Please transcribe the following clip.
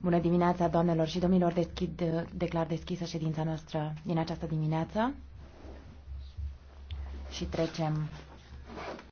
Bună dimineața, doamnelor și domnilor. Deschid, declar deschisă ședința noastră din această dimineață. Și trecem